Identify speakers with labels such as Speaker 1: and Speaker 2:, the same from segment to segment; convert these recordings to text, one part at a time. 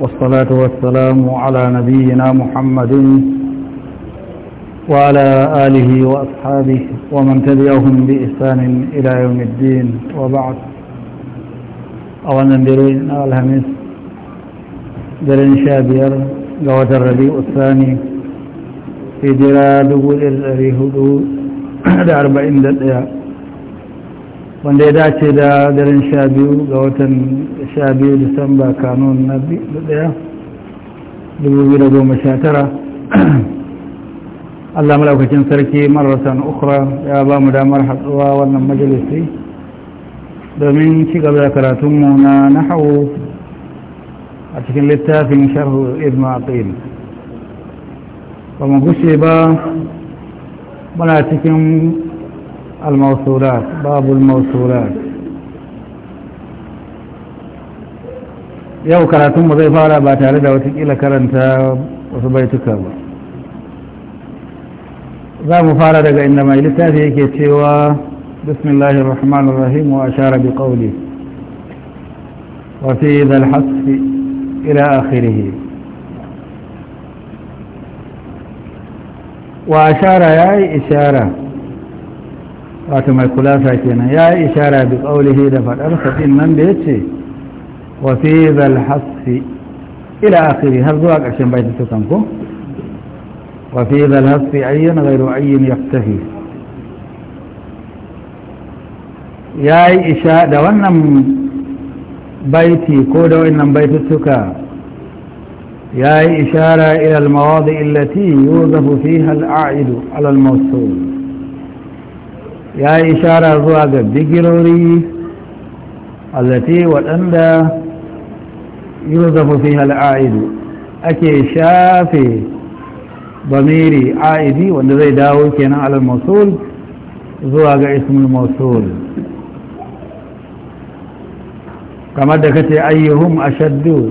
Speaker 1: والصلاة والسلام على نبينا محمد وعلى آله وأصحابه ومن تبعهم بإحسان إلى يوم الدين وبعد أولا درين الهمس درين شابير قوة الربيع الثاني في درا دول لأربعين دلئة wanda ya dace da daren sha biyu ga watan sha biyu disamba kanun na daya 2019 allah malaukakin sarki marasan ukra ya ba mu damar hatsuwa wannan majalisi domin ci gaba da karatunmu na nahawu a cikin littafin sharhu ibn aqil ba mu gushe ba muna cikin الموصولات باب الموصولات يو كراتم بزي فارا باتالدا وتقيل كرنتا وصبيتك زام فارا مفاردة إنما إلتاتي كتوا بسم الله الرحمن الرحيم وأشار بقوله وفي ذا الحصف إلى آخره وأشار يا إشارة wato mai kulasa kenan ya yi ishara bi qaulihi da fadarsa din nan da yace wa fi zal hasfi ila akhiri har zuwa ƙarshen baiti ta kanko wa fi zal hasfi ayyan ghayru ayyin yaktafi ya yi isha da wannan baiti ko da wannan baituttuka ya yi ishara ila al-mawadi allati yuzafu fiha al-a'idu ala al-mawsul ya yi ishara zuwa ga bigirori allati waɗanda yuzafu fi al'aidu ake shafe bamiri aidi wanda zai dawo kenan alal masul zuwa ga ismul masul kamar da kace ayyuhum ashaddu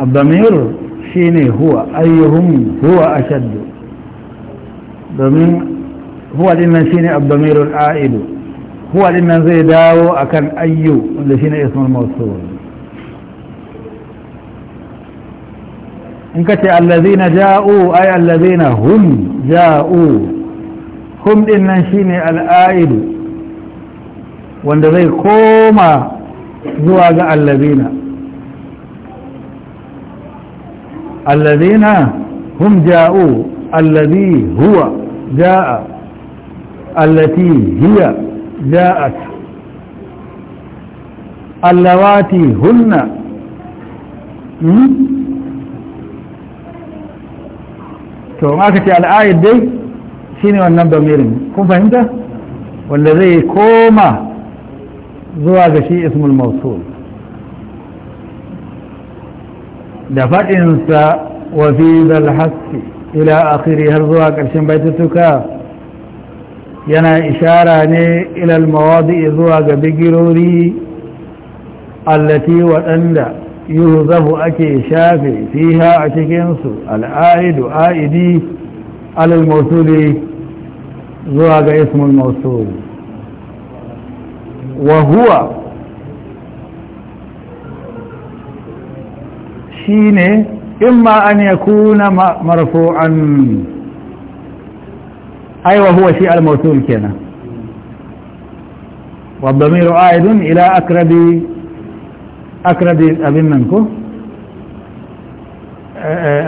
Speaker 1: الضمير shine huwa ayyuhum huwa أشد domin huwa dinnan shine abdamirul a'idu huwa dinnan zai dawo akan ayyu wanda shine ismul mawsul in ka ce allazina ja'u ay allazina hum ja'u hum dinnan shine al'aidu wanda zai koma zuwa ga allazina allazina hum ja'u allazi huwa جاء التي هي جاءت اللواتي هن ثم قالت الايه دي شنو النبه ميرن كون فهمت والذي كما ذو شيء اسم الموصول دفعت انسا وفي ذا الحث ila akiri har zuwa ƙarshen baitutuka yana ishara ne ilal mawadi zuwa ga bigirori allati waɗanda yuzahu ake shafe fiha a cikinsu al'aidu aidi alal zuwa ga ismul mausul wa huwa shine إما أن يكون مرفوعا أي وهو شيء الموصول كنا والضمير عائد إلى أقرب أقرب أبننكو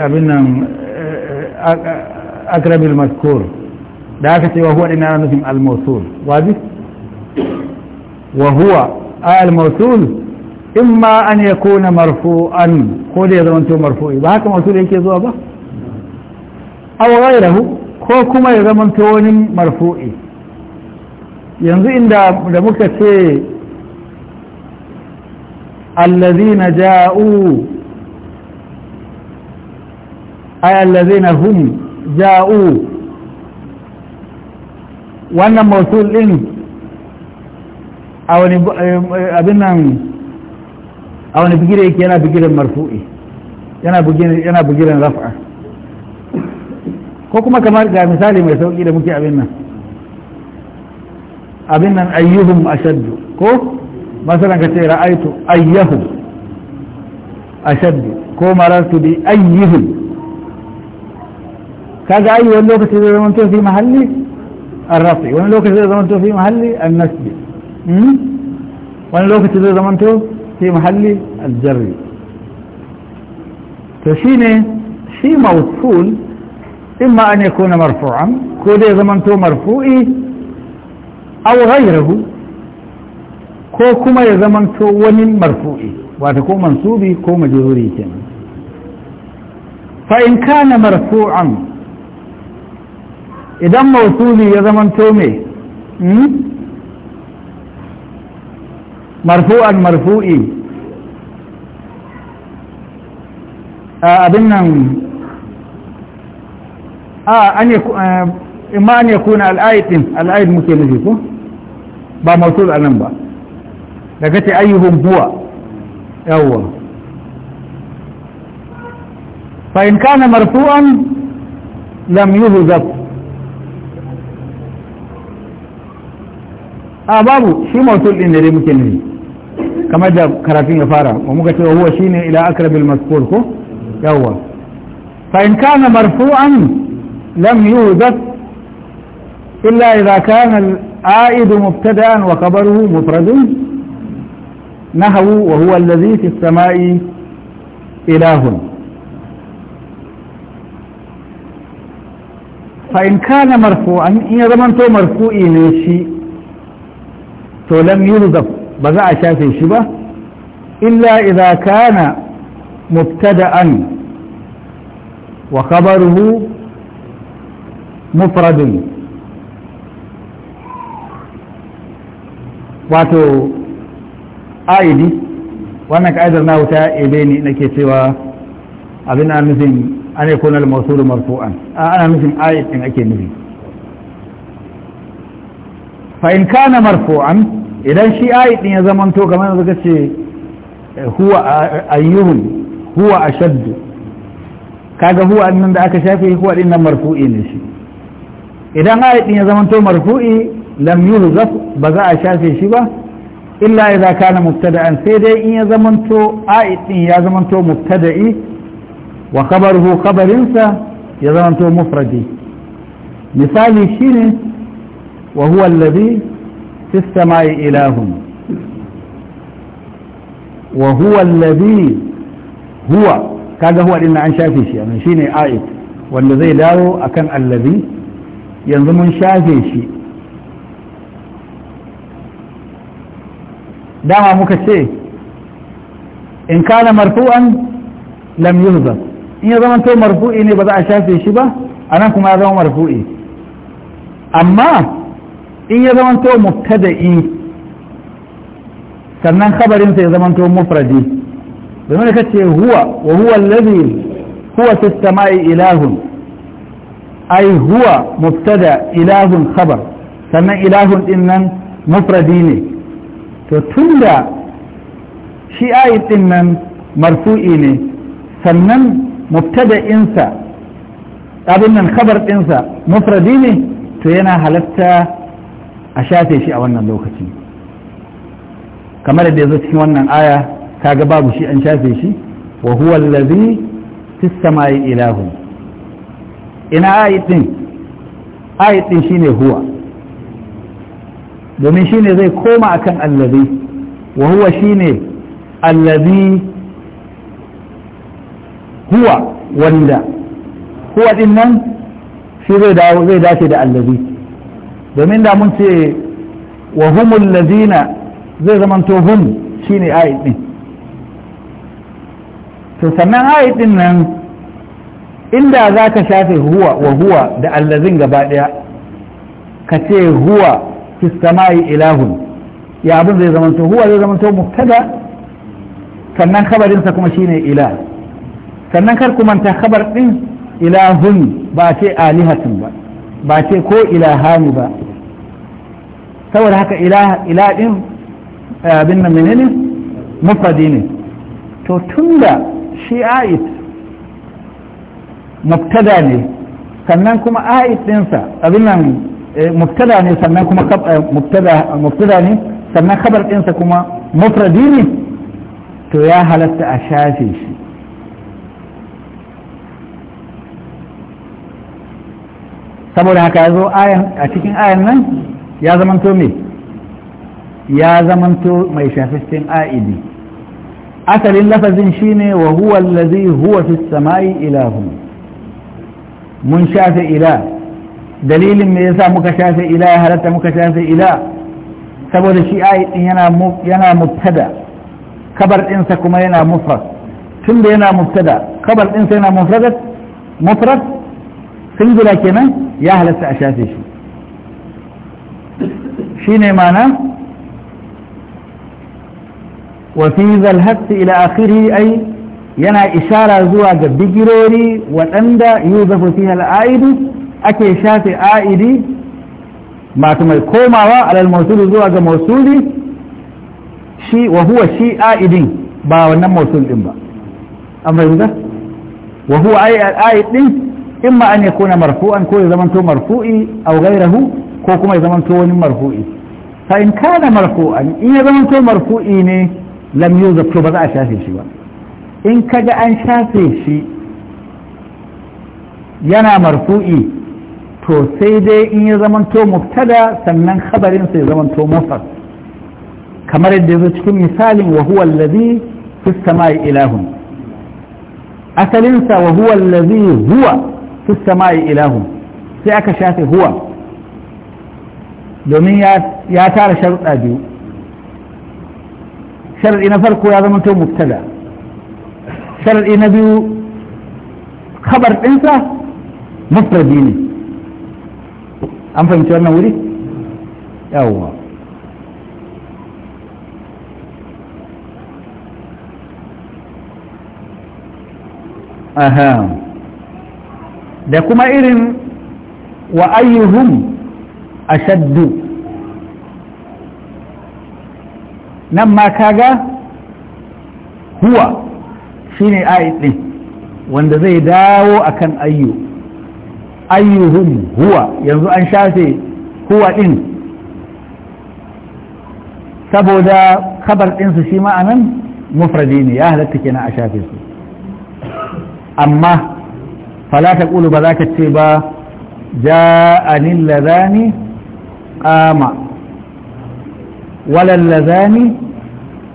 Speaker 1: أبنن أكرب المذكور ذاك وهو إن أنا الموصول واضح وهو آه الموصول imma an ya kona marfu'an ko da ya zamanto marfu'i ba haka masu da yake zuwa ba aw ghayrahu ko kuma ya zamanto wani marfu'i yanzu inda da muka ce na ja'u ay na hum ja'u wannan masu ɗin a wani eh, eh, abin nan a wani bigire yake yana bigiren marfu'i yana bigiren raf'a ko kuma kamar ga misali mai sauki da muke abin nan abin nan ayyuhum ashaddu ko masalan ka ce ra'aitu ayyahum ashaddu ko marartu bi ayyuhun kaga ayi wani lokaci zai zama to fi mahalli arrafi wani lokaci zai zama to fi mahalli annasbi hmm? wani lokaci zai zama to في محل الجر فشيني شي موصول إما أن يكون مرفوعا كودي زمنته مرفوعي أو غيره ko kuma ya zamanto wani marfu'i wata ko mansubi ko majruri kenan fa in kana marfu'an idan mawsuli ya zamanto me hmm? marfu'an marfu'i abin nan a an yi ma an yakuna al'ayitin al'ayit muke nufi ko ba mausul anan ba daga ayyuhun buwa yawwa fa in kana marfu'an lam a babu shi masu din da dai muke nufi kamar da karatun ya fara wa muka cewa huwa shine ila akrabil masfur ko yawwa fa in kana marfu'an lam yuhdath illa idha kana al-a'id mubtada'an wa khabaruhu mufradun nahwu wa huwa alladhi fi as-sama'i ilahun fa in kana marfu'an in ya zamanto marfu'i ne shi to lam yuhdath ba za a shafe shi ba illa idza kana mubtada'an wa khabaruhu mufradun wato aidi wannan ka'idar na wuta ebe ne nake cewa abin an nufin an yi masu mausulu marfu'an ana nufin ayat din ake nufi fa in kana marfu'an idan shi ayat din ya zamanto kamar yanzu ka ce eh, huwa a ayyuhum huwa a shaddu kaga huwa nan da aka shafe huwa din nan marfu'i ne shi idan ayat din ya zamanto marfu'i lam yuhzaf ba za a shafe shi ba illa idza kana mubtada'an sai dai in ya zamanto ayat din ya zamanto mubtada'i wa khabaruhu khabarinsa ya zamanto mufradi misali shine wa huwa alladhi في السماء إله وهو الذي هو كذا هو لنا عن شافي شيء من شيني آيت والذي داو أكن الذي ينظم شافي شيء دعوة مكتشي إن كان مرفوعا لم يهضب إن يضمن تو مرفوعي إني بدأ شافي شيء أنا كما يضمن مرفوعي أما in ya zamanto mubtada'i sannan khabarinsa ya zamanto mufradi domin ka ce huwa wa huwa allazi huwa fi samai ilahun ai huwa mubtada ilahun khabar sannan ilahun din nan mufradi ne to tunda shi ayat din nan marfu'i ne sannan mubtada'insa abin nan khabar ɗinsa mufradi ne to yana halatta a shafe shi a wannan lokaci kamar da zo cikin wannan aya ga babu shi an shafe shi wa huwa allazi fis samai ilahu ina ayatin ayatin ne huwa domin shi ne zai koma akan allazi wa huwa shi ne allazi huwa wanda huwa din nan shi zai zai dace da allazi domin da mun ce wa humul lazina zai zamanto hum shine ayat din to sannan ayat din nan inda za ka shafe huwa wa huwa da allazin gaba daya ka ce huwa fi samai ilahun ya abin zai zamanto huwa zai zamanto mubtada sannan kabarinsa kuma shine ila sannan kar ku manta kabar din ilahun ba ce alihatun ba ba ce ko ilahani ba saboda haka ila eh, abin nan menene mufradi ne to tunda shi ait mubtada ne sannan kuma ait ɗinsa abin nan eh, mubtada ne sannan kuma eh, mubtada ne sannan kabar ɗinsa kuma mufradi ne to ya halatta a shafe shi saboda haka ya zo a cikin ayan nan ya zamanto me ya zamanto mai shafistin a'idi asalin lafazin shine wa huwa allazi huwa fi samai ilahu mun shafe ila dalilin me yasa muka shafe ila ya halatta muka shafe ila saboda shi a'idin yana yana mubtada kabar ɗinsa kuma yana mufrad tunda yana mubtada kabar ɗinsa yana mufrad mufrad singular kenan ya halatta a shafe shi shi ne mana wafi zalhattu ila akhiri ai yana ishara zuwa ga bigirori waɗanda yi zafi fi al'aidu ake shafe a'idi masu mai komawa alal mausuli zuwa ga mausuli shi wa huwa shi a'idin ba wannan mausul din ba an fahimta wa huwa a'id din imma an yakuna marfu'an ko ya zamanto marfu'i aw ghayrahu ko kuma ya zamanto wani marfu'i fa in kana marfu'an in ya zamanto marfu'i ne lam yuzaf to ba za a shafe shi ba in kaga an shafe shi yana marfu'i to sai dai in ya zamanto mubtada sannan khabarin sai ya zamanto mufrad kamar yadda yazo cikin misalin wa huwa allazi fi samai ilahun asalin wa huwa huwa في السماء إله سيأك شاتي هو دومي يا تار شرط أبيو شرط إن فرقه يا ذمنته مبتدا شرط إن أبيو خبر إنسا مفرديني أم فهمت أنا ولي؟ يا الله أهام uh -huh. da kuma irin wa ayyuhum ashaddu nan ma kaga huwa shine ayat din wanda zai dawo akan ayyu ayyuhum huwa yanzu an shafe huwa din saboda kabar ɗinsu shi ma'anan mufradi ne ya halatta kenan a shafe su amma فلا تقولوا بذاك التيبا جاءني اللذان ce ولا اللذان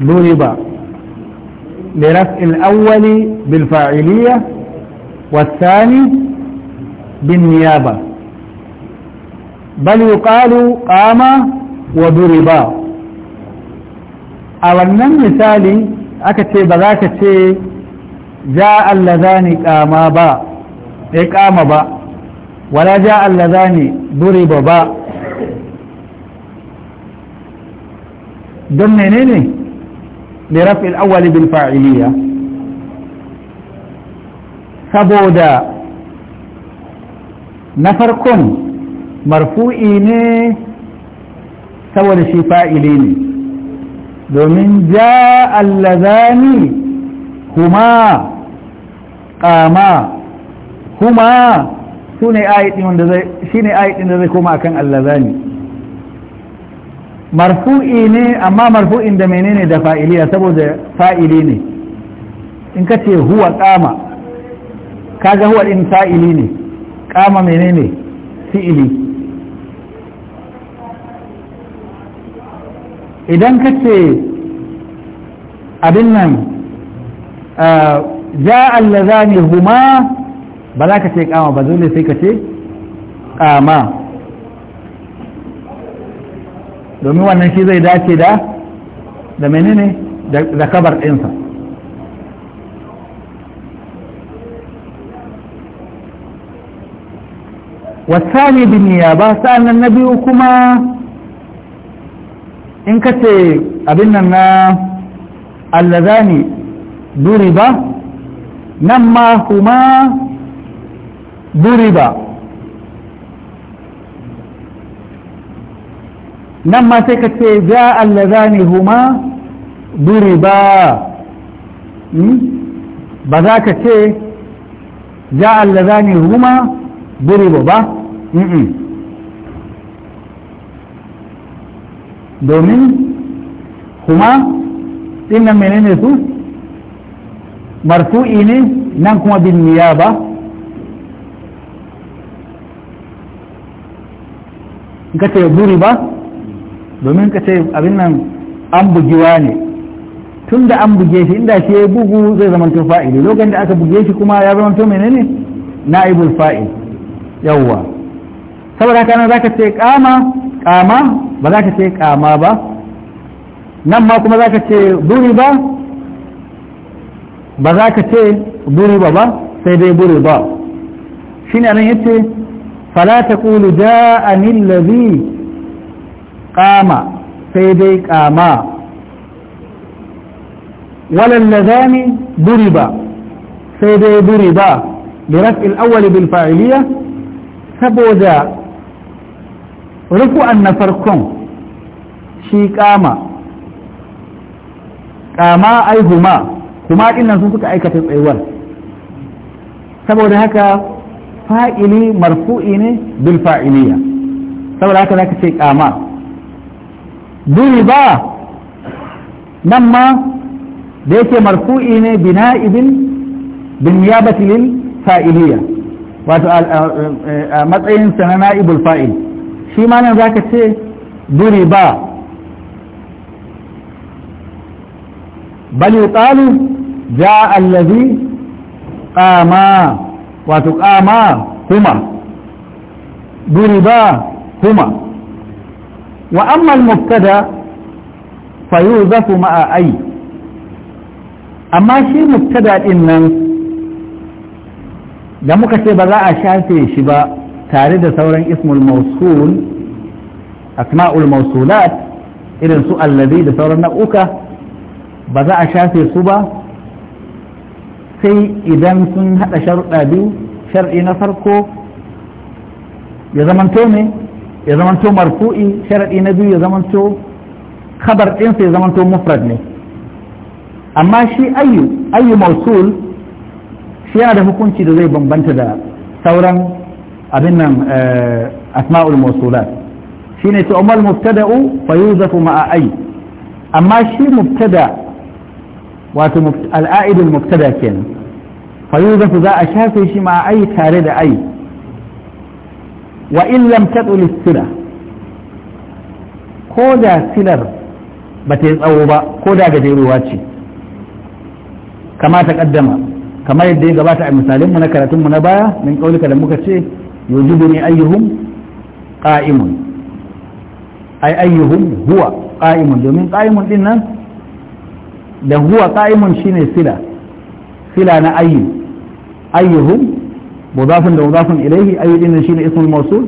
Speaker 1: lazani لرفع الأول بالفاعلية والثاني بالنيابة بل يقال قام وضربا أو أنم مثالي أكتب ذاك الشيء جاء اللذان قاما با iqama ba wala ja allazani duriba ba don menene li raf'il awwal bil fa'iliya saboda na farkon marfu'i ne saboda shi fa'ili ne domin ja allazani kuma ƙama kuma su ne wanda zai shi ne ayatin da zai koma a kan allazani marfu'i ne amma marfu'in da menene da fa'iliya saboda fa'ili ne in ka ce huwa kama kaga huwa din fa'ili ne kama menene fi'ili idan ka ce abin nan za eh, allazani huma ba za ka ce kama ba dole sai ka ce kama domin wannan shi zai dace da da menene da kabar ɗinsa wasani biniya ba sa'annan na biyu kuma in ka ce abin nan na allazani duri ba nan ma kuma duriba nan ma sai ka ce ja allazani huma duriba hmm? ba za ka ce ja allazani huma duriba ba domin huma dinnan menene su marfu'i ne nan kuma bin niyaba ka ce buri ba domin ka abin nan an bugiwa ne tun da an buge shi inda shi ya bugu zai zama to fa'ili lokacin da aka buge shi kuma ya zama to menene na'ibul fa'il yawwa saboda haka nan zaka ce kama kama ba zaka ce kama ba nan ma kuma zaka ce buri ba ba zaka ce buri ba ba sai dai buri ba shine nan yace fala taqulu ja'ani allazi qama sai dai qama wala allazani duriba sai dai duriba bi raf'il awwal bil saboda rufu'an na farkon shi kama kama ai huma kuma dinnan sun suka aikata tsayuwar saboda haka fa'ili marfu'i ne bil fa'iliya saboda haka zaka ce kama ba nan ma da yake marfu'i ne bina'ibin bin ya batilin fa'iliya wato a matsayin sa na na'ibul fa'il shi ma nan zaka ce ba bal yuqalu ja'a allazi qama wato kama huma duriba kuma wa amma al-mubtada fayuzafu ma'a ai amma shi mubtada din nan da muka ce ba za a shafe shi ba tare da sauran ismul mausul asma'ul mausulat irin su allazi da sauran na'uka ba za a shafe su ba sai idan sun haɗa sharuɗa biyu shar'i na farko ya zamanto ne ya zamanto marfu'i shar'i na biyu ya zamanto khabar ɗinsa ya zamanto mufrad ne amma shi ayyu ayyu mausul shi yana da hukunci da zai bambanta da sauran abin nan eh, asma'ul mausulat shine to amal mubtada'u fa yuzafu ma'a ayyu amma shi mubtada' wato al'a'idin muktada kenan fa yuzafu za a shafe shi ma ai tare da ai wa in lam tadul sila ko da silar ba ta yi tsawo ba ko da gajeruwa ce kama ta kaddama kamar yadda ya gabata a misalin mu na karatun mu na baya min kaulika da muka ce yujibu ne ayyuhum qa'imun ai ayyuhum huwa qa'imun domin qa'imun din nan da huwa qa'imun shine sila sila na ayyu ayyuhum mudafun da mudafun ilayhi ayyu din shine ismul mawsul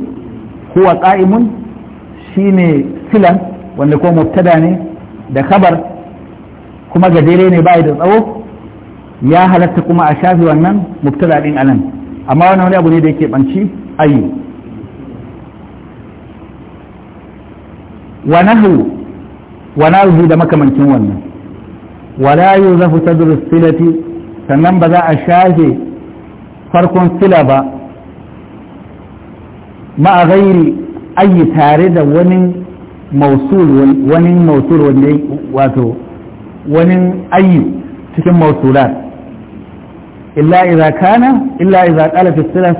Speaker 1: huwa qa'imun shine sila wanda kuma mubtada ne da khabar kuma gajere ne bai da tsawo ya halatta kuma a shafi wannan mubtada din anan amma wannan wani abu ne da yake banci ayyu wa nahu wa da makamancin wannan wala yuzafu sadru silati sannan ba za a shafe farkon sila ba ma ayi tare da wani mausul wani mausul wanda wato wani ayi cikin mausulat illa idza kana illa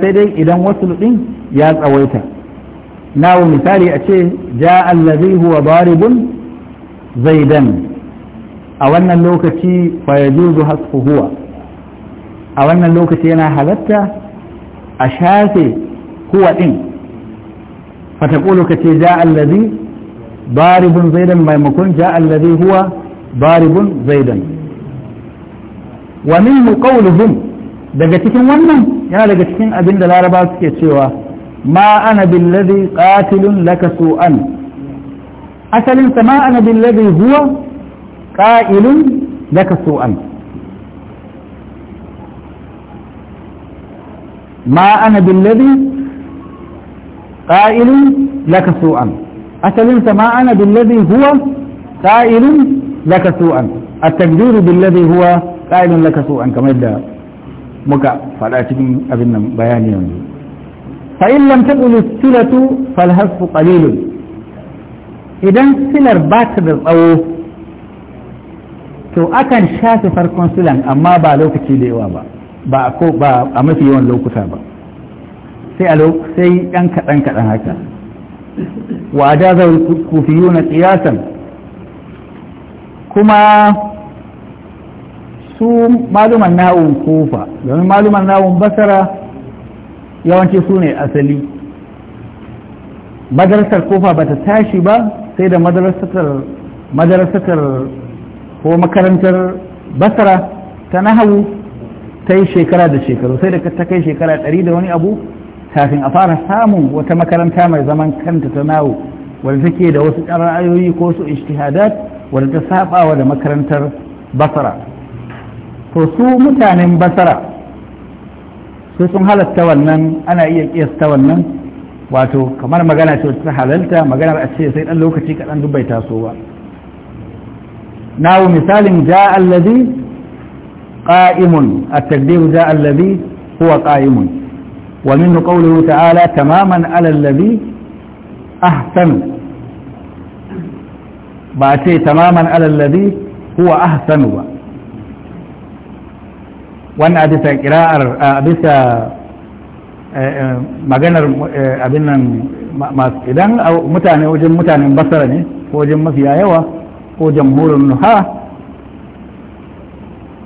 Speaker 1: sai dai idan wasu din ya tsawaita nawo misali a ce ja allazi huwa daribun zaidan a wannan lokaci fa yajuzu hasfuhuwa a wannan lokaci yana halatta a shafe huwa din fa ka ce, ja allazi daribun zaidan maimakon ja allazi huwa daribun zaidan wa minhu qawluhum daga cikin wannan yana daga cikin abin da laraba suke cewa ma ana billazi qatilun laka su'an asalin ma ana billazi huwa qa'ilun laka su'an ma ana billadhi qa'ilun laka su'an asalin ma ana billadhi huwa qa'ilun laka su'an at-takdiru billadhi huwa qa'ilun laka su'an kamar da muka faɗa cikin abin nan bayani yanzu fa'in lam taɓulu silatu falhasfu qalilun idan silar bata da tsawo to akan shafe farkon sulan amma ba lokaci da yawa ba ba ko ba a mafi yawan lokuta ba sai a sai ɗan kaɗan kaɗan haka wa a da kufi yi na tsiyasan kuma su maluman na'un kofa domin maluman na'un basara yawanci su ne asali madarasar kofa ba ta tashi ba sai da madarasar ko makarantar basra ta nahawu ta yi shekara da shekaru sai da ta kai shekara ɗari da wani abu kafin a fara samun wata makaranta mai zaman kanta ta nahawu wadda take da wasu ra'ayoyi ko su ijtihadat wadda ta sabawa da makarantar basra to su mutanen basra su sun halatta wannan ana iya kiyasta wannan wato kamar magana ce ta halalta maganar a ce sai dan lokaci kaɗan duk bai taso ba ناو مثال جاء الذي قائم التقدير جاء الذي هو قائم ومنه قوله تعالى تماما على الذي أحسن باتي تماما على الذي هو أحسن وان وانا بسا قراءة بسا maganar abin nan masu idan mutane wajen mutanen basara ne ko wajen mafiya yawa ko jamhurin nuha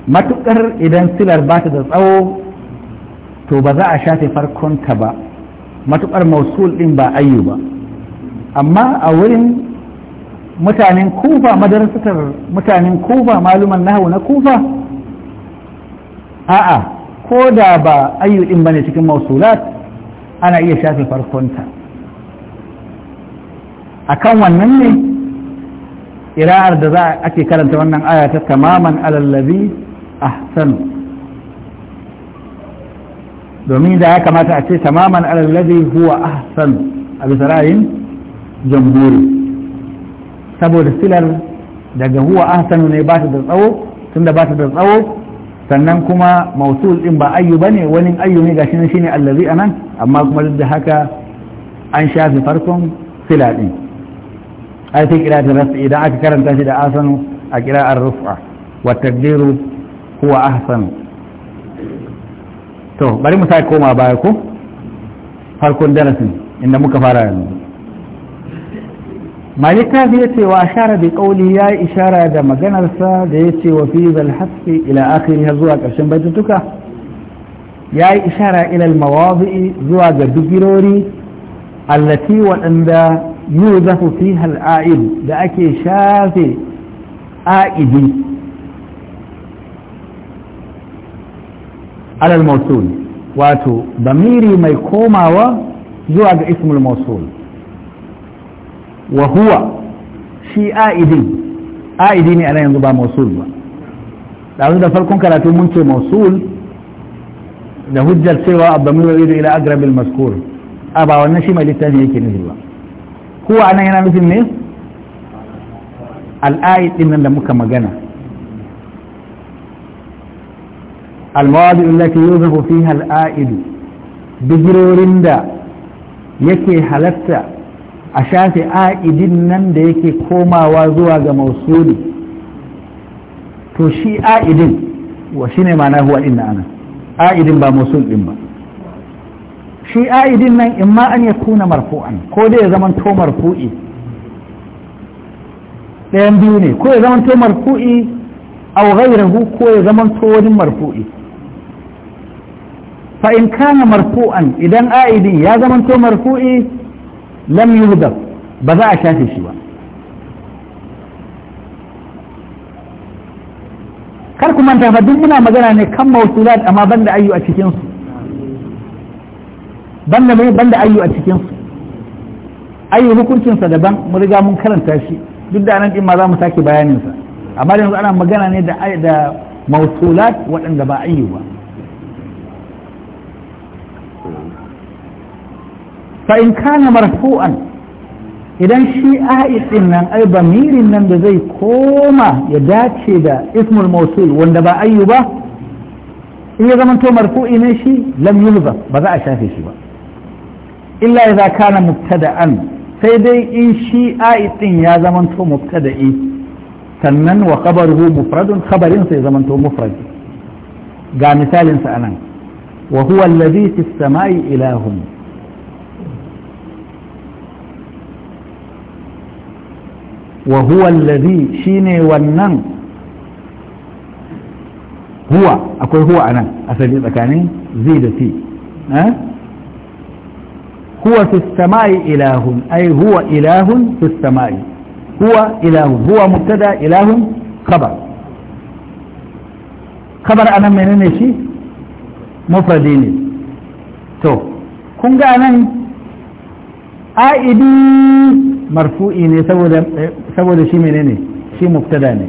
Speaker 1: matukar idan silar ba ta da tsawo to ba za a shafe farkonta ba matukar mausul din ba ayyu ba amma a wurin mutanen kufa madarasitar mutanen kufa maluman nahawu na kufa a'a ko da ba ayyu din bane cikin mausulat ana iya shafe farkonta akan wannan ne ƙira'ar da za ake karanta wannan aya ta tamaman alallabi ahsan domin da ya kamata a ce tamaman alallabi huwa ahsan a bisa ra'ayin jamhuri saboda silar daga huwa ahsan ne ba ta da tsawo tunda ba ta da tsawo sannan kuma mausul din ba ayyu bane wani ayyu ne gashi nan shine allazi anan amma kuma duk da haka an shafi farkon sila din ai sai kira da idan aka karanta shi da asanu a an rufa wa takdiru huwa ahsanu to bari mu sake koma baya ko farkon darasin inda muka fara yanzu malik kafi ya ce wa ashara bi kauli ya yi ishara da maganarsa da ya ce wa fi zal haske ila akhiri har zuwa ƙarshen baitutuka ya yi ishara ila al zuwa ga dubirori allati waɗanda zafi fiha al'a'id da ake shafe a'idi alal mausul wato bamiri mai komawa zuwa ga ismul mausul wa huwa shi a'idi a'idi ne ana yanzu ba mausul ba ɗazu da farkon karatu mun ce mausul da hujjar cewa abdamiru ido ila agrabil maskur a ba wannan shi mai littafi yake nufi ba kuwa anan yana nufin ne al'ayi din nan da muka magana almawadi yau zafi fi al'a'idu bigirorin da yake halatta a shafi a'idin nan da yake komawa zuwa ga mausuli to shi a'idin wa shine ma'ana huwa ina ana a'idin ba mausul din ba shi a'idin nan in ma an ya kuna marfu'an ko dai ya to marfu'i ɗayan biyu ne ko ya zama to marfu'i aw ghayruhu ko ya zama to wani marfu'i fa in kana marfu'an idan a'idin ya zama to marfu'i lam yuhdaf ba za a shafe shi ba kar ku manta fa duk muna magana ne kan mawsulat amma banda ayyu a cikin su banda mai banda ayyu a cikin su ayyu hukuncin sa daban mu riga mun karanta shi duk da nan din ma za mu sake bayanin sa amma yanzu ana magana ne da da mawsulat waɗanda ba ayyu ba fa in kana marfu'an idan shi a'id din nan ai bamirin nan da zai koma ya dace da ismul mawsul wanda ba ayyu ba in ya zama to marfu'i ne shi lam yulba ba za a shafe shi ba illa idza kana mubtada'an sai dai in shi a'itin ya zamanto mubtada'i sannan wa khabaruhu mufradun khabarin sai zamanto mufrad ga misalin sa anan wa huwa alladhi fis samai ilahun wa huwa alladhi shine wannan huwa akwai huwa anan asali tsakanin zi da fi eh huwa fi samai ilahun ai huwa ilahun fi samai huwa ilahun huwa mubtada ilahun khabar khabar anan menene shi mufradi to kun ga nan aidi marfu'i ne saboda shi menene shi mubtada ne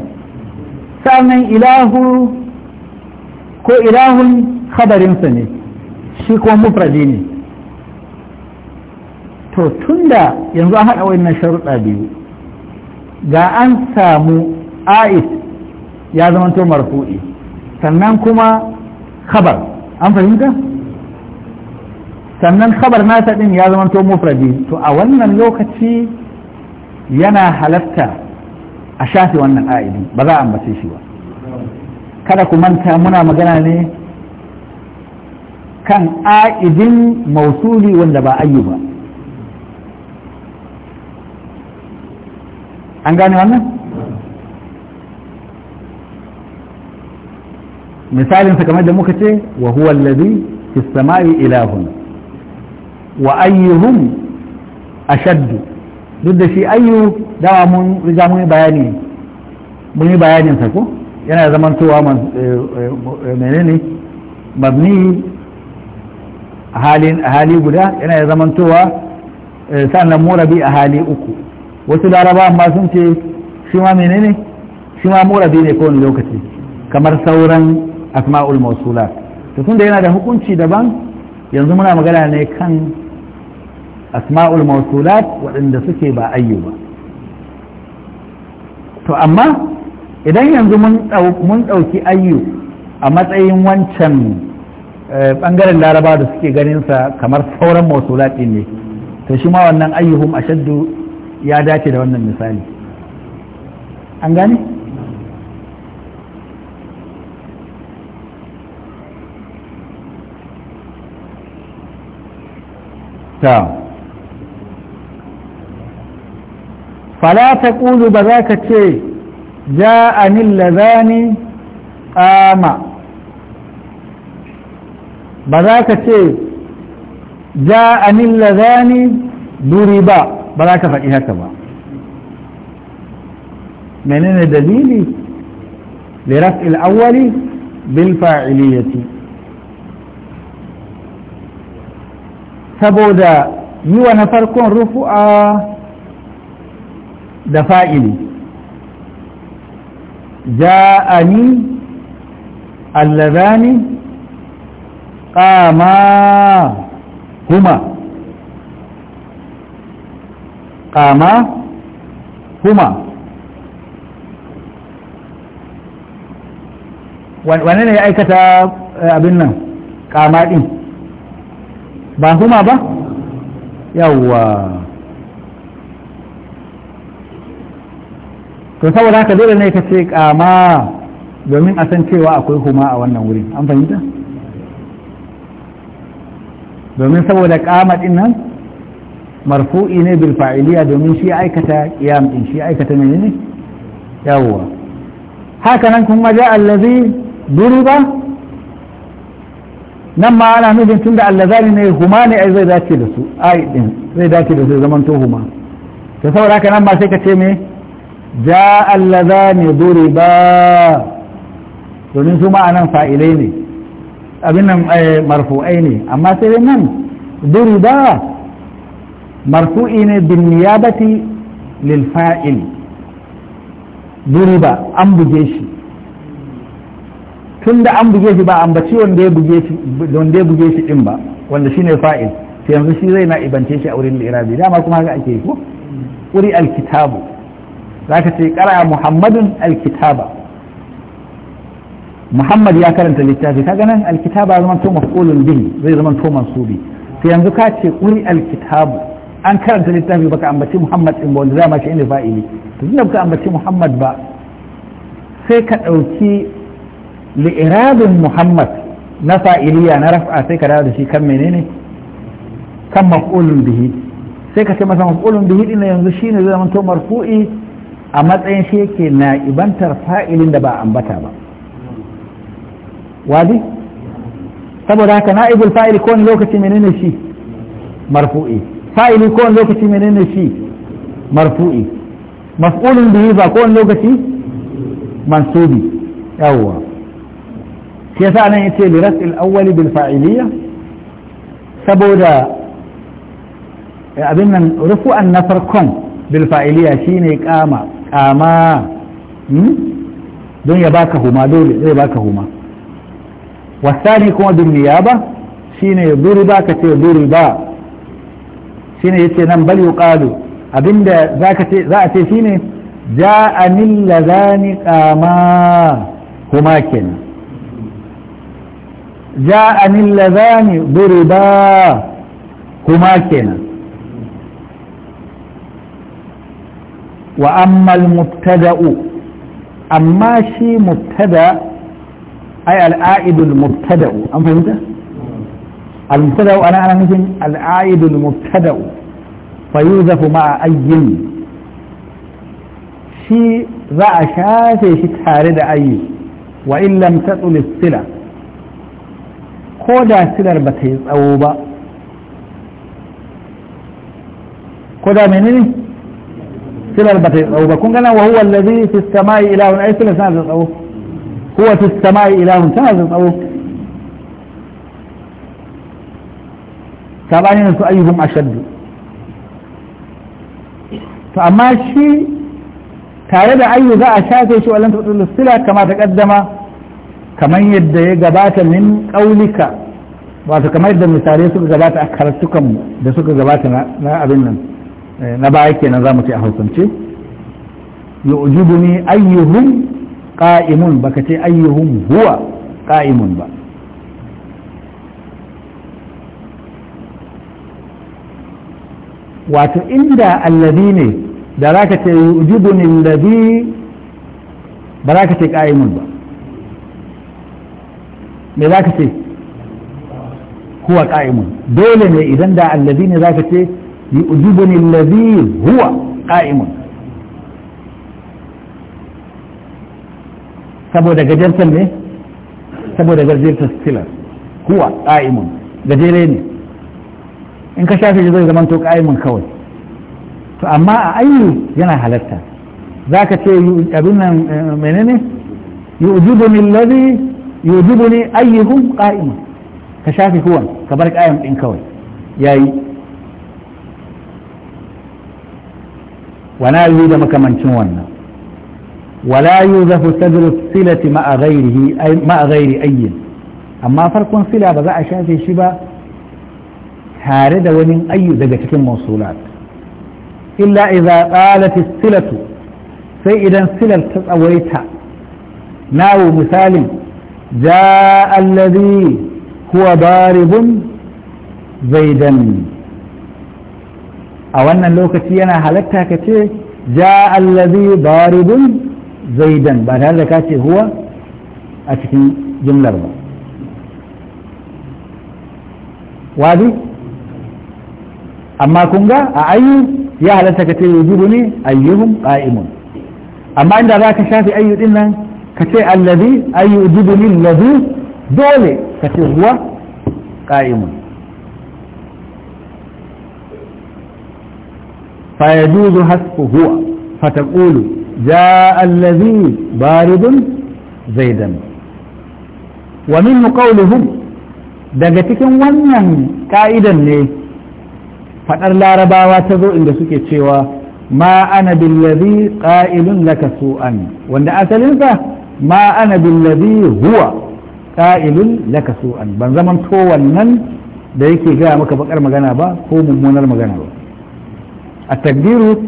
Speaker 1: sannan ko ilahun kabarinsa ne shi kuma mufradi ne to da yanzu an haɗa wannan sharuɗa biyu ga an samu a'id ya to marfu'i sannan kuma khabar an fahimta sannan khabar nasa ɗin ya zamanto mufradi to a wannan lokaci yana halatta a shafi wannan a'idi ba za a ambace shi ba kada ku manta muna magana ne kan a'idin mausuli wanda ba ayyuba ba an gane wannan misalin sa kamar da muka ce wa huwa allazi fi samai ilahun wa ayyuhum ashadd duk da shi ayyu dawa mun riga mun bayani mun yi bayanin sa ko yana zamantowa eh, eh, eh, menene mabni halin hali guda yana zamantowa sannan murabi a hali uku wasu laraba amma sun ce shi ma menene shi ma murabi ne kowane lokaci kamar sauran asma'ul mausula to tun da yana da hukunci daban yanzu muna magana ne kan asma'ul masula waɗanda suke ba ayyu ba to amma idan yanzu mun ɗauki ayyu a matsayin wancan eh, ɓangaren laraba da suke ganinsa kamar sauran mausulat ne to shi ma wannan ayyuhum ashaddu ya dace da wannan misali an gane ta fala ta ƙulu ba za ka ce ja a nillazani ƙama ba za ka ce ja a nillazani duri ba ba za ka faɗi haka ba menene dalili liras il'awwali bil fa'iliyati saboda yi wa na farkon rufu'a da fa'ili ja'ani allazani qama huma قاما هما وانا ne ya aikata eh, abin nan kama din ba huma ba yawwa to saboda haka dole ne ka ce kama domin a san cewa akwai huma a wannan wurin an fahimta domin saboda kama din nan marfu'i ne bil fa'iliya domin shi aikata qiyam din shi aikata ne menene yawwa haka nan kuma ja allazi duriba nan ma ana nufin tunda allazani ne huma ne ai zai dace da su ai din zai dace da su zaman to huma to saboda haka nan ma sai ka ce me ja allazani duriba domin su ma'anan fa'ilai ne abin nan eh, marfu'ai ne amma sai dai nan duriba marfu'i ne bin niyabati lil fa'il an buge shi tun da an buge ba ambaci wanda ya buge shi wanda ya buge shi din ba wanda shine fa'il to yanzu shi zai na ibance shi a wurin irabi dama kuma haka ake ko uri alkitabu zaka ce qara muhammadun alkitaba muhammad ya karanta littafi kaga nan alkitaba zaman to maf'ulun bihi zai zaman to mansubi yanzu ka ce uri an karanta littafi baka ambaci muhammad in ba wanda za ma shi ne fa'ili to tunda baka ambaci muhammad ba sai ka ɗauki li'irabin muhammad na fa'iliya na raf'a sai ka dawo da shi kan menene kan maf'ulun bihi sai ka ce masa maf'ulun bihi din yanzu shi ne zama to marfu'i a matsayin shi yake na ibantar fa'ilin da ba ambata ba wadi saboda haka na'ibul fa'il ko wani lokaci menene shi marfu'i fa'ili ko wani lokaci menene shi marfu'i maf'ulun bihi ba ko wani lokaci mansubi yawwa shi yasa nan yace li raf'il awwali bil fa'iliya. saboda eh, abin nan rufu'an na farkon bil fa'iliya shine kama kama hmm? don ya baka huma dole zai baka huma wasani kuma bin niyaba shine duriba ka ce ba. shine yace nan bal yuqalu abinda zaka ce za a ce shine ja'anil ladhani qama huma kenan ja'anil ladhani duriba huma kenan wa amma al-mubtada'u amma shi mubtada ay al-a'idul mubtada'u an fahimta المبتدا انا انا مثل العائد المبتدا فيوزف مع اي شيء ذا شافي شي تارد اي وان لم تطل الصله كودا سلر بتي تصو با كودا منين سلر بتي تصو با كون وهو الذي في السماء اله اي سلر سنه تصو هو في السماء اله سنه تصو sabanin su ayyuhun ashaddu to amma shi tare da ayyu za a shafe shi wallan tudul sila kama ta kaddama kamar yadda ya gabata min qaulika wato kamar yadda misalai suka gabata a karatukan da suka gabata na abin nan eh, na baya kenan mu ce a hausance yu'jibuni ayyuhum qa'imun baka ce ayyuhun huwa ƙa'imun ba wato inda allazi ne da za ka ce yujibuni allazi ba za ka ce qa'imun ba me za ka ce huwa qa'imun dole ne idan da allazi ne za ka ce yujibuni allazi huwa qa'imun saboda gajartar ne saboda gajartar silar huwa qa'imun gajere ne in ka shafe shi zai zama to ƙa'imin kawai to amma a ayi yana halatta za ka ce abin nan menene yujibuni alladhi yujibuni ayyuhum qa'im ka shafe huwan ka bar ƙa'im din kawai yayi wana yi da makamancin wannan ولا يوظف سدر الصلة مع غيره أي مع غير أي أما فرق صلة بذا أشافي شبه tare da wani ayyu daga cikin mausulat illa idza qalat silatu sai idan silar ta tsawaita nawo misalin ja allazi huwa daribun zaidan a wannan lokaci yana halatta ka ce ja allazi daribun zaidan ba tare da ka ce huwa a cikin jumlar ba wadi amma kun ga a ayyu ya halatta ka ce yujibu ne ayyuhum qa'imun amma inda za ka shafi ayyu din nan ka ce allazi ayyu yujibu ne allazi dole ka ce huwa qa'imun fa yajuzu hasbu huwa fa taqulu jaa allazi baridun zaidan wa min qawlihim daga cikin wannan ka'idan ne fadar larabawa ta zo inda suke cewa ma ana billazi qa'ilun laka su'an wanda asalinsa ma ana billazi huwa qa'ilun laka su'an ban zaman to wannan da yake gaya maka bakar magana ba ko mummunar magana ba a takdiru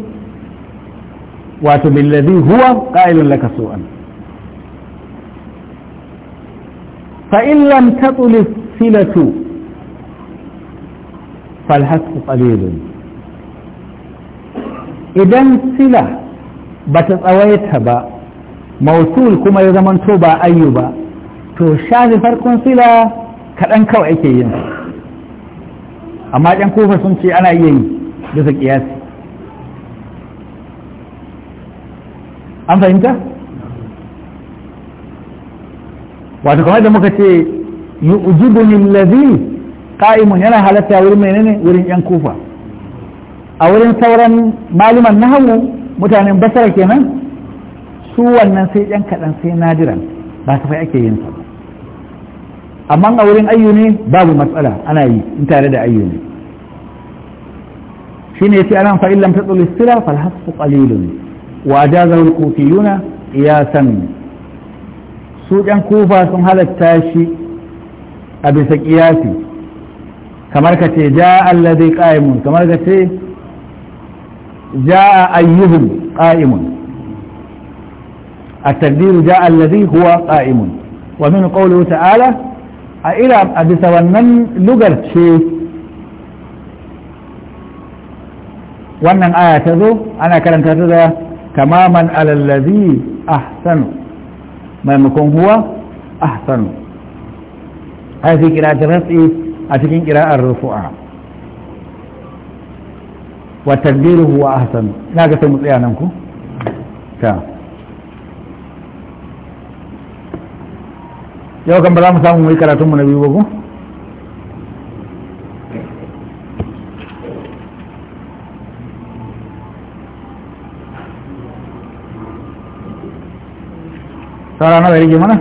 Speaker 1: wato billazi huwa qa'ilun laka su'an fa in lam tatuli silatu falhasku qalilun idan sila bata tsawaita ba mausul kuma ya zamanto ba ayyu ba to shafi farkon sila kaɗan kawai ake yin amma ɗan kofa sun ce ana iya yi bisa ƙiyasi an fahimta? wato kamar da muka ce yi ujibun lazi Ƙa'imun yana halatta wurin ne wurin yan kufa a wurin sauran na nahawu mutanen basara kenan su wannan sai yan kaɗan sai nadiran ba su fai ake yin sa amma a wurin ayyu ne babu matsala ana yi in tare da ayyu ne shine ce anan fa lam tatul istila fal hasfu qalilun wa kofi al kufiyuna san su yan kufa sun halatta shi a bisa kiyasi kamar ka ce ja alladhi qa'imun kamar ka ce ja'a ayyuhum qa'imun التقدير جاء الذي هو قائم ومن قوله تعالى إلى أبسوانن لغر شيء wannan aya ta zo ana karanta ta da kamaman alallazi ahsanu maimakon huwa ahsanu ai fi kira ta ratsi a cikin ƙira'ar rufu'a wa takbiruhu wa ahsan ina ga sai mu tsaya nan ku ta yau kan ba za mu samu mu yi karatunmu na biyu ba ku saura nawa ya rage mana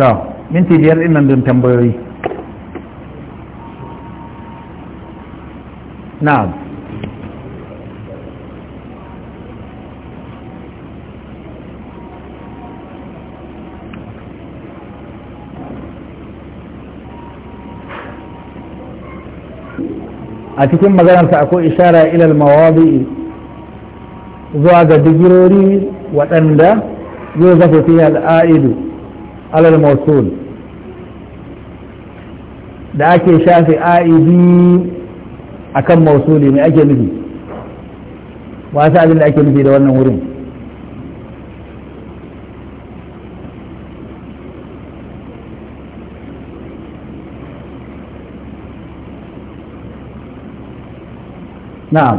Speaker 1: to minti biyar ɗin nan don tambayoyi na'am a cikin maganar maganarsa akwai ishara ilal mawadi zuwa ga digirori waɗanda zai zafi fiye al'aidu alal mausul da ake shafi aidi akan mausuli mai ake nufi ba sa abin da ake nufi da wannan wurin na'am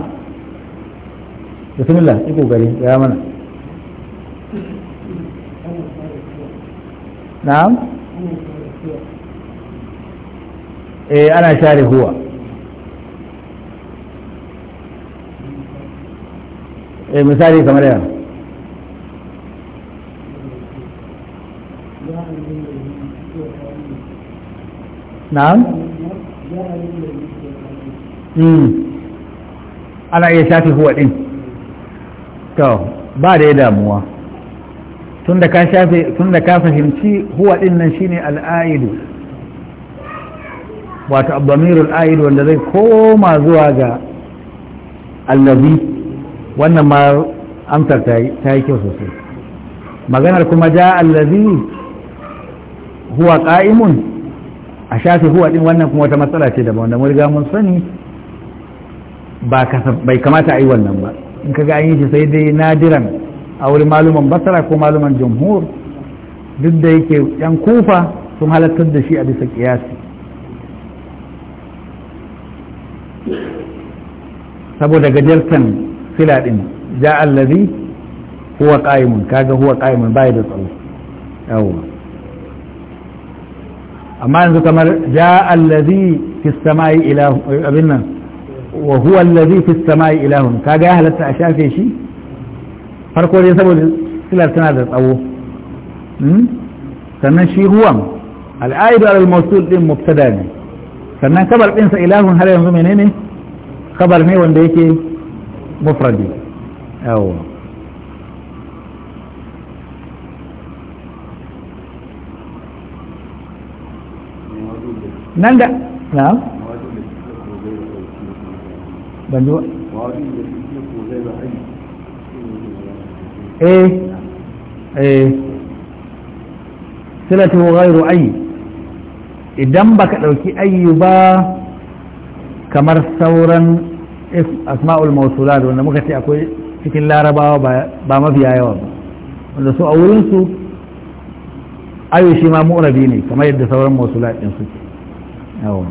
Speaker 1: bismillah iko gari ya mana na'am eh ana share huwa sai eh, misali kamar yana na'am hmm. ana iya shafi huwa ɗin to ba da ya damuwa tun da ka fahimci huwa ɗin nan shine al'aidu wato abdamirul aidu wanda zai koma zuwa ga allazi wannan ma amsar ta yi kyau sosai maganar kuma ja allazi huwa ka'imun a shafi huwa din wannan kuma wata matsala ce daban wanda mun riga mun sani bai kamata a yi wannan ba in kaga an yi shi sai dai nadiran a wuri maluman basara ko maluman jamhur duk da yake yan kufa sun halartar da shi a bisa kiyasi saboda gajartan sila din ja allazi huwa qa'imun kaga huwa qa'imun bai da tsawo yawa amma yanzu kamar ja allazi fi samai ilahu abin nan wa huwa allazi fi samai ilahun kaga ya halatta a shafe shi farko dai saboda silar tana da tsawo sannan shi huwan al'aidu al mawsul din mubtada ne sannan kabar ɗinsa ilahun har yanzu menene kabar ne wanda yake mufradi yawa nan da na ban idan baka ɗauki ayyu ba kamar sauran asma'ul mausulat wanda muka ce akwai cikin larabawa ba mafiya yawa ba wanda su a wurinsu ayo shi ma mu'rabi ne kamar yadda sauran mausulat ɗin suke yawa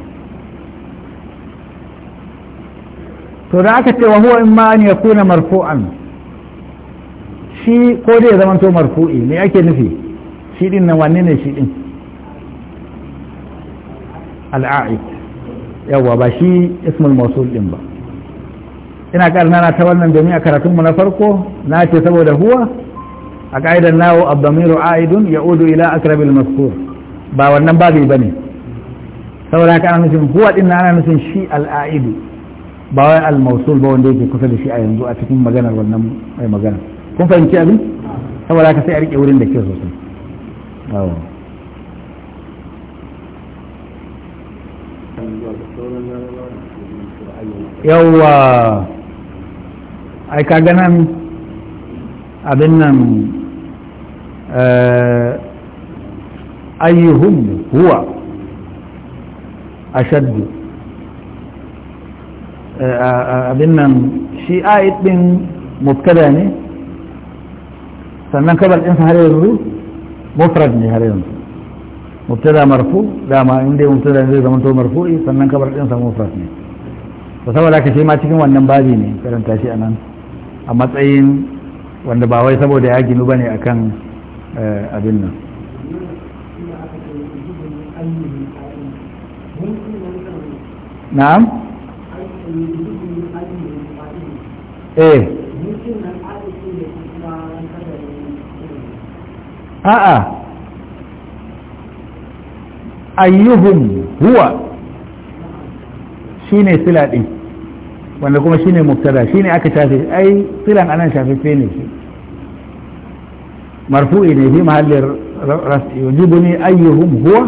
Speaker 1: to da aka ce wa huwa in ma an yakuna marfu'an shi ko dai zama to marfu'i me ake nufi shi din nan wanne ne shi din al'a'id yawa ba shi ismul mausul din ba ina karnana ta wannan domin a karatunmu na farko na ce saboda huwa a ƙa'idar nawo abdamiru aidun ya udu ila akrabil maskur ba wannan babi ba ne saboda haka ana nufin huwa ɗin ana nufin shi al'aidu ba wai al-mausul ba wanda yake kusa da shi a yanzu a cikin maganar wannan mai magana kun fahimci abin saboda haka sai a riƙe wurin da ke sosai yawwa ai ka nan abin nan eh, ayyuhum huwa ashaddu eh, abin nan shi a'id din mubtada ne sannan kabar ɗinsa har yanzu mufrad ne har yanzu mubtada marfu dama inda ya mubtada zai zama to marfu sannan kabar ɗinsa mufrad ne saboda ka shi ma cikin wannan babi ne karanta shi anan a matsayin wanda ba wai saboda ya ginu ne akan eh, abin nan na'am eh a'a ayyuhun huwa shine sila din wanda kuma shine muktada shine aka tafi ai filan anan shafe ne shi marfu'i ne fi mahallin rasi yujibuni ayyuhum huwa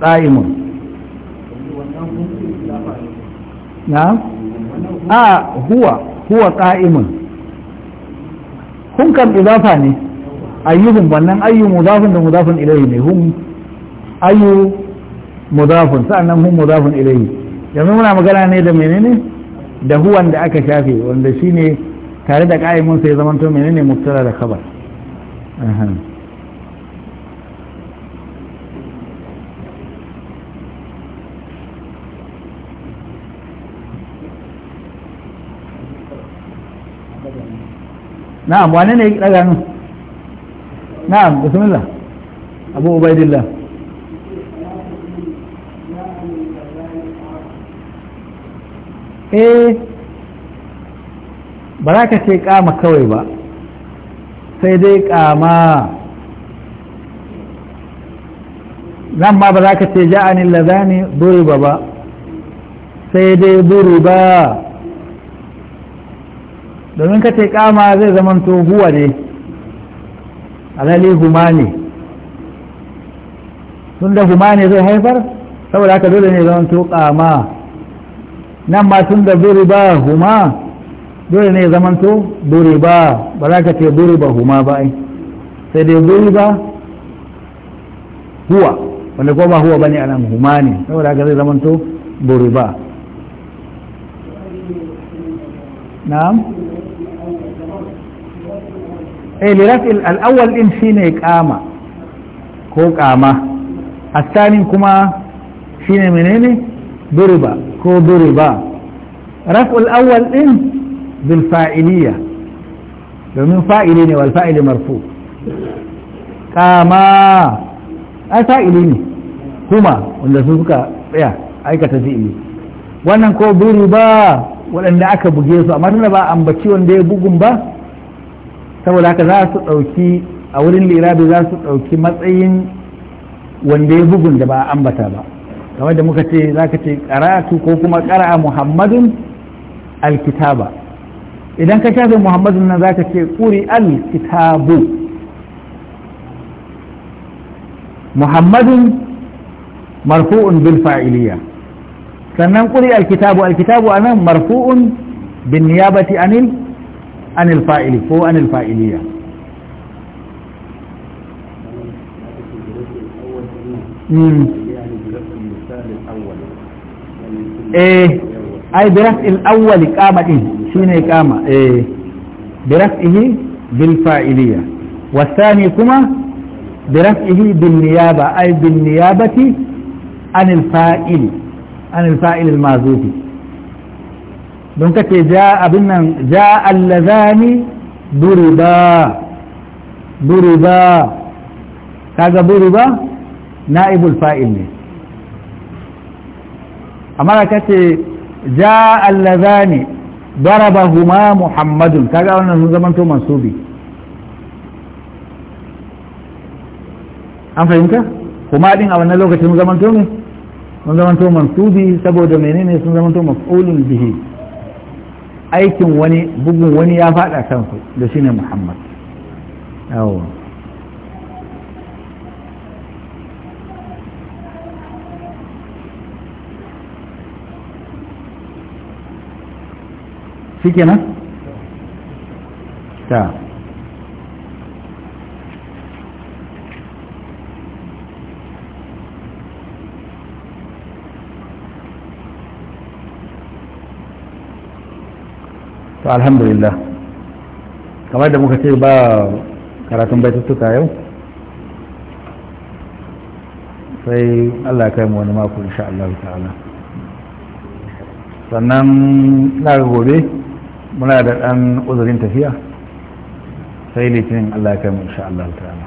Speaker 1: qa'imun na a huwa huwa qa'imun kun kan idafa ne ayyuhum wannan ayyu mudafun da mudafun ilayhi ne hum ayyu mudafun sa'annan hum mudafun ilayhi yanzu muna magana ne da menene da huwan da aka shafe wanda shine tare da ƙa'imin sai zamanto menene muftara da kabar. na'am wane ne ya ɗaga nan na'am bismillah abu ubaidillah eh ba za ka ce kama kawai ba sai dai kama nan ma ba za ka ce ja'anin lazani buru ba ba sai dai ba domin ka ce kama zai zamanto huwa ne alali huma ne tun da huma ne zai haifar saboda haka dole ne zamanto kama nan ma tun da ba huma dole ne zamanto duriba ba za ka ce ba huma ba ai sai dai ba huwa wanda ko ba huwa bane anan huma ne saboda haka zai zamanto duriba na'am eh lirafi al-awwal din shine qama ko kama الثاني kuma shine menene ضرب ko ba raf'ul awwal din bil fa'iliya domin fa'ili ne wal fa'ili marfu kama ai fa'ili ne kuma wanda su suka tsaya aikata fi'ili wannan ko ba waɗanda aka buge su amma tunda ba ambaci wanda ya bugun ba saboda haka za su ɗauki a wurin lirabi za su ɗauki matsayin wanda ya bugun da ba ambata ba kamar da muka ce za ka ce karatu ko kuma ƙara'a muhammadun alkitaba idan ka shafe muhammadun nan za ka ce kuri alkitabu muhammadun marfu'un bil fa'iliya sannan kuri alkitabu alkitabu a nan marfu'un bin niyabati anil anil fa'ili ko anil fa'iliya mm. eh ai biras il awwali kama din shine qama. eh biras ihi bil fa'iliya wasani kuma biras ihi bin niyaba ai bin niyabati an al fa'il an al fa'il al mazufi don kace ja abin nan ja allazani duriba duriba kaga duriba na'ibul fa'il ne amma ka ce ja allazani darabahuma muhammadun kaga wannan sun zamanto mansubi an fahimta kuma din a wannan lokacin sun zamanto ne sun zamanto mansubi saboda menene sun zamanto maf'ulun bihi aikin wani bugun wani ya faɗa kansu da shine muhammad yawon shikenan ta to alhamdulillah kamar da muka ce ba karatun baitattuka yau sai allah kai mu wani mako insha Allah ta'ala sannan na gobe muna da ɗan uzurin tafiya sai litinin Allah ya kai mu insha Allah ta'ala